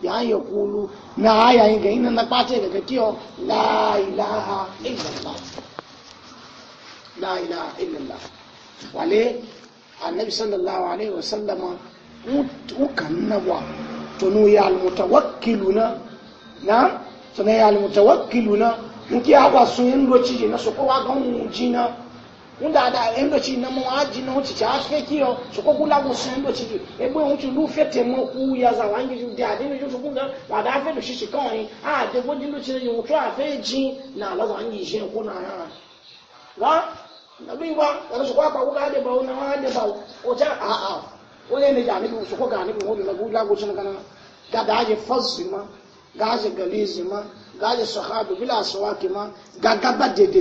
ya ya kulu na haya yin ga na kwace daga kiyo la ilaha illallah la ilaha illallah wale annabi sallallahu alaihi wa ukan tunu ya almutawakkiluna na tunu ya almutawakkiluna muke akwa sun yin roci na su kowa gan jina unda da endo chi na mwa ji no chi cha fe kio choko kula go sendo chi ebo un chu lu za wangi ju da ni ju fu kunga wa da fe do shi shi kan ni a de bo jin lu chi ni to a fe na la wangi je ko na wa na bi wa na so kwa pa ku ga de ba na wa de ba o cha a a o ne ne ja ni so ko ga ni mo na ku la go shin kana ga da je fazima ga je galizima ga je sahabu bila sawaki ma ga ga ba de de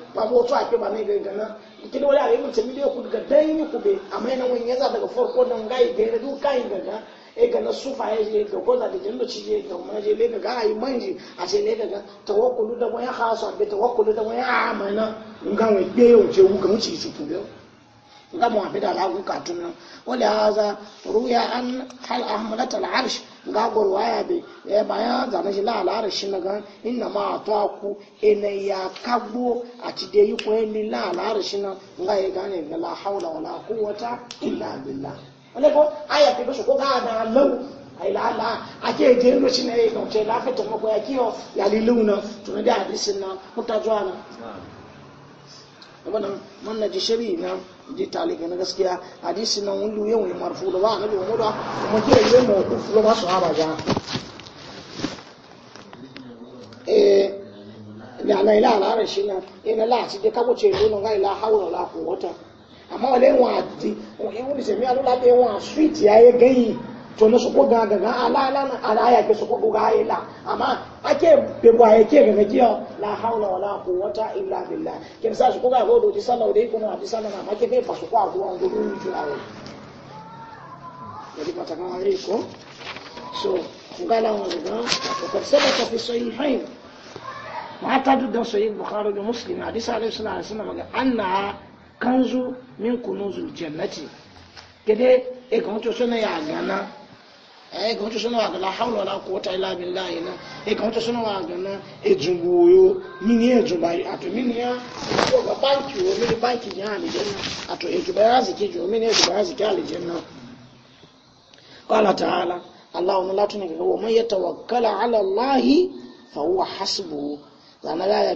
babu wato ake ba mai gangana kini wani abin mutum miliyo ku daga dan yi ku be amma yana wani za daga farko don gai da yana duka kayan gaga e ga na sufa ya je ga ko da jin ci je ga ma je le ga ga ai manji a ce le ga ga tawakkulu da wani khasa be tawakkulu da wani amana nga wani gbe yo je wu ga mu ci su tube ga nga mu abi da la ku ka wala haza ruya an hal ahmalat al arsh ga gwarwaya be ya bayan zane shi la'alara shi na inna ma a to aku ya kagbo a ti da yi kuwa ni la'alara shi na nga ya gane na la haula wa quwwata illa billah ko aya ko ga ai la la je shi na yi la to ko ya ya li to da na na ji talibin na gaskiya hadisi nan wulu yau ne marfu da ba annabi umar kuma ke yi mu kufu ba su haba ja eh la ila ala shi na la de kabo ce ila la ko wata amma wale wa di o e se mi alu la ya ye gayi to na soko gaga na ala ala na ala ya ke soko ga ila amma ake be bo ayake ga ga kiyo la haula wala quwwata illa billah ke sa soko ga go do ti sallahu dai kuma ti sallama ma ke fe pa soko a go an go ni ti awo jadi pata ga ari ko so ngala wa ga ko ko ta fi sahihain ma ta du da sahih bukhari da muslim hadis alayhi salatu alaihi wasallam ga anna kanzu min kunuzul jannati kede e kan to sona ya gana eh ga wata suna waga la haula wala quwwata illa billahi na eh ga wata suna waga na ejungu yo mini ejuba ato mini ya ko ga banki wo mini banki ya ni janna ato ejuba ya zike jo mini ejuba ya zike ali janna qala ta'ala allahumma la tunika wa man yatawakkala ala allahi fa huwa hasbuhu zana la ya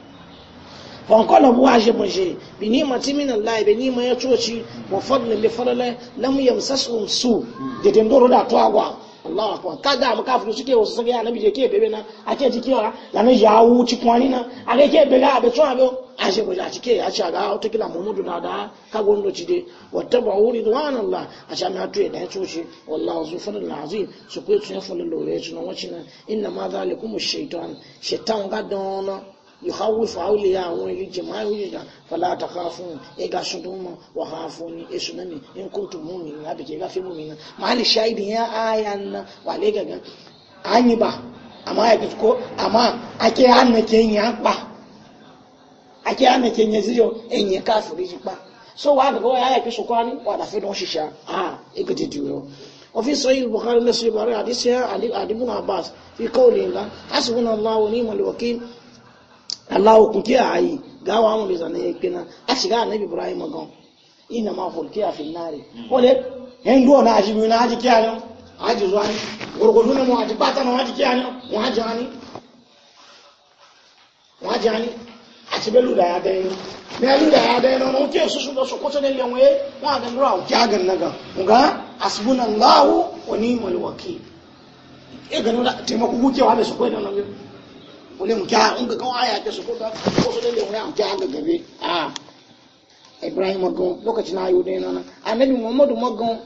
fankola bu waje mun bi ni mati min Allah bi ni ma ya coci wa fadlan bi fadlan lam yamsasum su de den doro da to agwa Allah akbar kada mu kafiru suke wasu sage annabi je ke bebe na ake jiki wa la na yawu ci kwani na ake ke bebe abe to abe ashe ko ati ke acha ga to kila mumudu na da ka gondo ci de wattaba ridwan Allah acha mi atu da coci wallahu zufrul azim su ko tun fa lolo re tun wacin inna ma zalikum ash-shaytan shaytan ga dono يخوف أولياءه للجماع ويجا فلا تخافون إيجا شدوما وخافوني إسناني إن كنتم مؤمنين هذا كيغا في مؤمنين مع الشاهد يا آيان وعليك أني با أما يكتكو أما أكي أنا كيني أكبا أكي أنا كيني زيو إني كافر يجيبا so wa gbogbo ya yake sokwani wa da fidon shisha ah ikiti duro وفي صحيح البخاري نسل البخاري حديث علي بن عباس في قوله الله حسبنا الله ونعم الوكيل Allah kun ke ayi gawa mu bisa ne kina a shiga annabi Ibrahim gan inna ma fulkiya fil nari hmm. wale hen do na ji na ji kiyayo aji zuwa ni gurgudu ne mu aji pata na aji kiyayo mu aji ani mu aji ani a ti da ya da yi ne da ya da yi na mu ke su su da su ko tane le mu e wa da ngura o kya gan naga mu ga asbunallahu wa ni'mal wakil e ganu da taimako kuke wa da su ko da nan wani mu kya in ka kawo aya ta su ka ko su lalle wani am kya ga gabe a Ibrahim magan lokacin ayo magan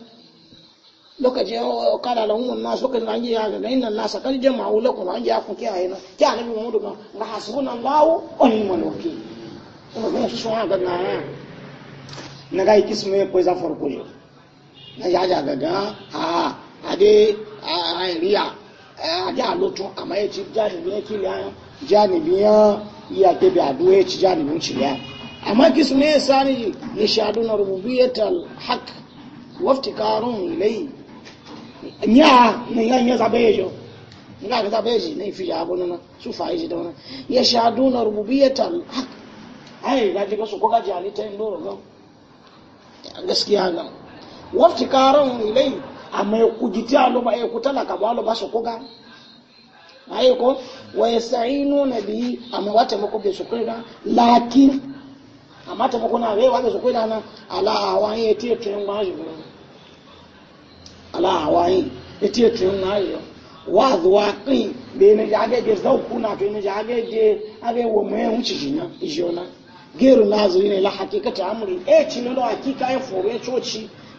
lokacin an ya ga inna nasa kan jama'u lakum an ya kun kiyaye nan kya annabi Muhammadu ma ga hasbunallahu wa ni'mal wakeel ga na na ga kismu ya poisa farko yo na ya ga ga a ade a a da lotun amma ya ci janibi ya kili ya janibi ya iya kebe adu ya ci janibin ci ya amma kisu ne sani ya shaɗu na rububiyatal haq waftikarun ilai ya na yanya zaɓe ya jo nga ga zaɓe ji na ifi ya abu na su fa'i ji da wani ya shaɗu na rububiyatal haq ai ga ji su ko ga jali ta yin doro ga gaskiya ga waftikarun ilai amma ya kujiti aloba ya eh, kutala ka ba aloba su kuga ayi ko wa yasainu nabi amma wata mako be su kuga lakin amma ta na we wata su na ala awan ya tiye tun ma ji ala awan ya tiye tun ma ji wa zuwa kai be ne ya ga ge zau kuna to ne ya ga ge aga wo mu ya ijona geru nazo ne la hakikati amri e cinu da hakika ya e, foro ya e, coci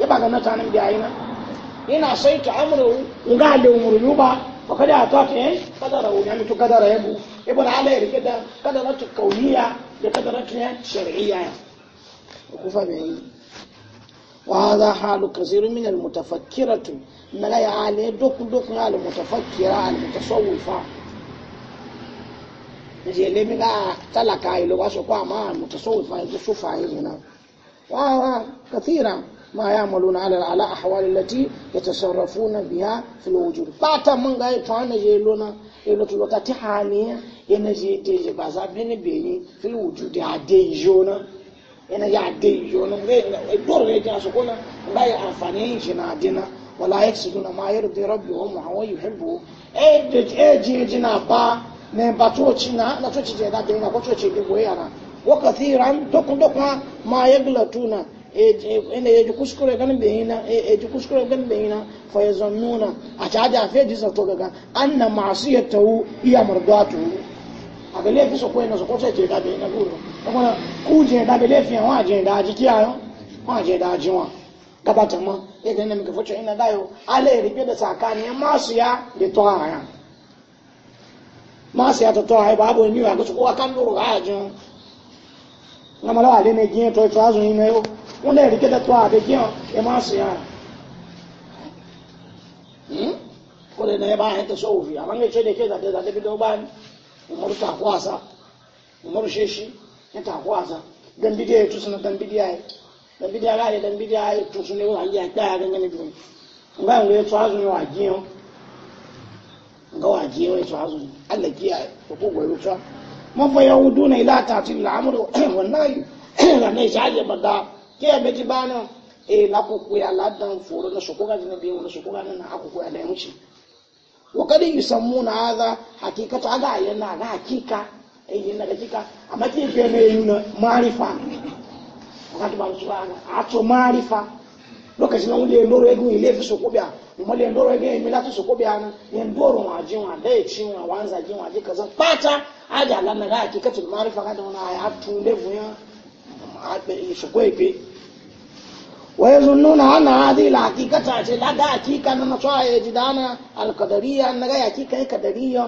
ya ba ga nata nan biyayi nan ina sai ta amuru in ga da umuru ba fa kada ta ta yin kadara wani mutu kadara ya bu ibn ala ya rike da kadara ta kauniya da kadara ta shar'iyya ku fa bayi wa hadha halu kaseerun min al mutafakkiratu nala ya ale doku doku al mutafakkira al mutasawwifa je le mi ga talaka ilo waso kwa ma mutasawwifa ya sufa yin nan wa kathira ma ya'maluna ala ala ahwal allati yatasarrafuna biha fil wujud bata mun ga to an je lona e lo tulo ta tihani yana e je te je baza bene bene fil wujud ya de jona yana e ya de jona ne e dor ne ja so kona bai amfani shi na dina wala yaksuduna ma yardi rabbuhum wa huwa yuhibbu e de e je jina ba ne ba to ci na na to ci je da de na ko to ci de boyana wa kathiran dokun dokun ma yaglatu na ene yeji kuskure gan behina e, eji kuskure gan behina fa yazannuna a caja fe ji zato gaga anna ma'siyatu iya mardatu aga lefi so ko ina so ko se je ga be ina guru ko na ku je da be lefi wa je da ji ki ayo wa je da ji wa gabata ma e ga nemi ko fo ina da yo ale ri pe da saka ni ma'siya de to ara ma'siya to to ai babu ni wa ko ko kan duru ga ajun ngamala ale ne jin to to azun ina yo wọ́n lè a da tó àgẹ́gẹ́ hàn ẹ máa sìn hàn ó lè nà ẹ bá yẹn A sọ òfin àmọ́ ní ìṣẹ́ni kí ìdàdé ìdàdé bí dọ́gba ni Umaru ta kó àṣà ìmọ̀rú ṣe ṣí ní ta kó àṣà dẹ́nbídí ayé tó sinú dẹ́nbídí ayé dẹ́nbídí ayé dẹ́nbídí ayé ne sinú ìwà ayé àgbà ayé gẹ́gẹ́ níbi wọn nga ìwé tó wa wà jí hàn nga wà jí hàn tó azùn alẹ́ kí ayé òkú wọ̀ ìwé tó mọ́fọ́ yẹ wọ́n dún náà ilé àtàtì làmúrò wọn ke ebe ji ba nan eh ya la foro na shoko ga jina na wani na ga nan aku ko ya la yamci yi samu na aza hakikata aga yana ga hakika eh yana ga hakika amma ke be ne yuna marifa wakati ba su ana ato marifa lokacin nan le ndoro egu ile fi shoko biya mo le ndoro egu ile la to na biya nan ne ndoro wa jin wa dai cin wa wanza jin wa ji kazan pata aja la na ga hakikatul marifa ga da wani ayatu levu ya abe shoko ebe ael nne na a naha adịghị n ak kacha a na a ak ka n ncha ha ya ejida ana alaki na agha akaka ye kada ihe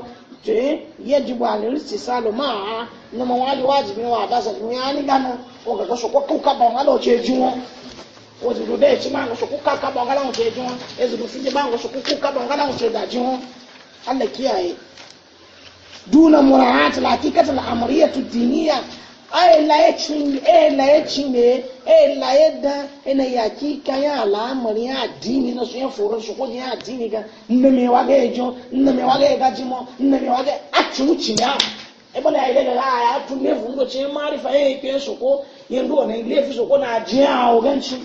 jee ye ejigbo aasa alụ a naw a nye a nah aa aojiia ụsọaaa aụ ezsiba aụsọk a gaaa ai aleki dulọ mụra ha ịla aka kacha na amara he etu diye ya laa aela echime aela echime aela eda ena ya kika ya ala amari ya dini na so ya foro so ko ya dini ga nne me wa ga ejo nne me wa ga ga jimo nne me wa ga achi uchi ya e bona ile ga ya tu me fu ngo che mari fa e pe so ko ye ndo na ile fu so na ji a o ga nchi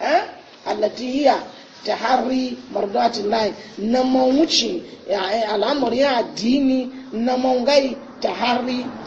eh allati hiya tahari mardatillahi na mawuci ala al'amari ya eh, dini na mawugai tahari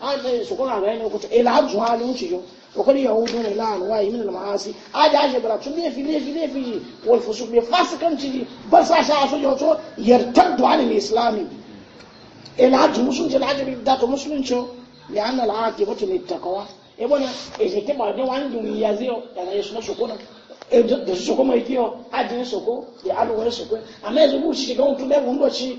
an su kuna ga ne kuta ila hab zuwa ne wuce yo to kali yahudu ne la an wayi min al ma'asi aja aje bara tun ne fi ne fi ne fi wal fusuq bi fasikanci bar sa sha su yo to yartaddu an al islami ila hab musulunci la ajabi da to musulunci li an al aqibatu lit taqwa e bona e je ke ba de wan duri ya zio ya na da su sokona e de sokoma ikio aje soko ya alu wa soko amezo bu shi ga untu le wundo shi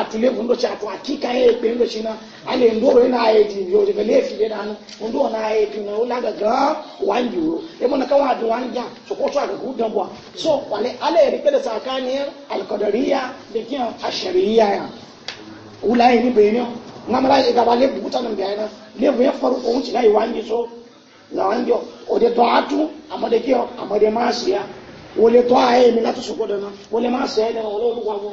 atile fundo cha kwa kika ye pendo china ale ndoro ina ye ti yo le fi na no ndo na ye ti na ola ga ga wan e mo na ka wa do wan ja so ko so ga ku dan bwa so wale ale ri pele sa ka ni al qadariya de ki ashariya ya ula ye ni benyo ngamara e ga wale buta nan bi na le bu ya faru ko ci na yi so na wan o de to atu amade ki amade masiya wole to aye mi na to so ko dana wole masiya dana wole lu kwa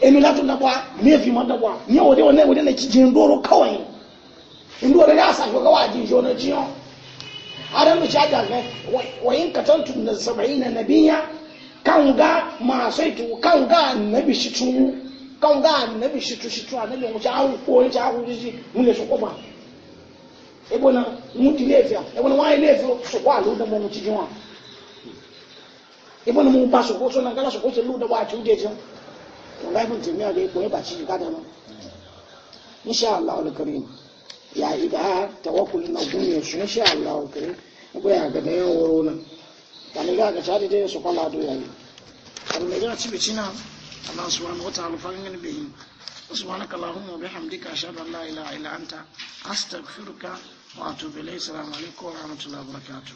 emi latu dabwa ne fi ma dabwa nye wode wone wode na kijin doro kawai ndoro ya sa shoga wa jin jona jiyo adam bi chaja ne wa in katantu na 70 nabiyya kanga ma saitu kanga nabi shitu kanga nabi shitu shitu anabi mu cha hu ko cha hu ji mu le sokoma ebona mu di le fi ebona wa le fi sokwa lu da mu chi jiwa ebona mu ba sokko so na gala sokko so lu da wa chu je jiwa kunga ibn taymiya da koyi ba ci ka da mu insha Allah al-karim ya ida tawakkul na gume shi insha Allah al-karim ya ga da yawa woro nan kan ga ga shadi da su kala do yayi kan ne ga cibi cina Allah subhanahu wani ta'ala farin ne bi سبحانك اللهم وبحمدك أشهد أن لا إله إلا أنت أستغفرك وأتوب إليك السلام عليكم ورحمة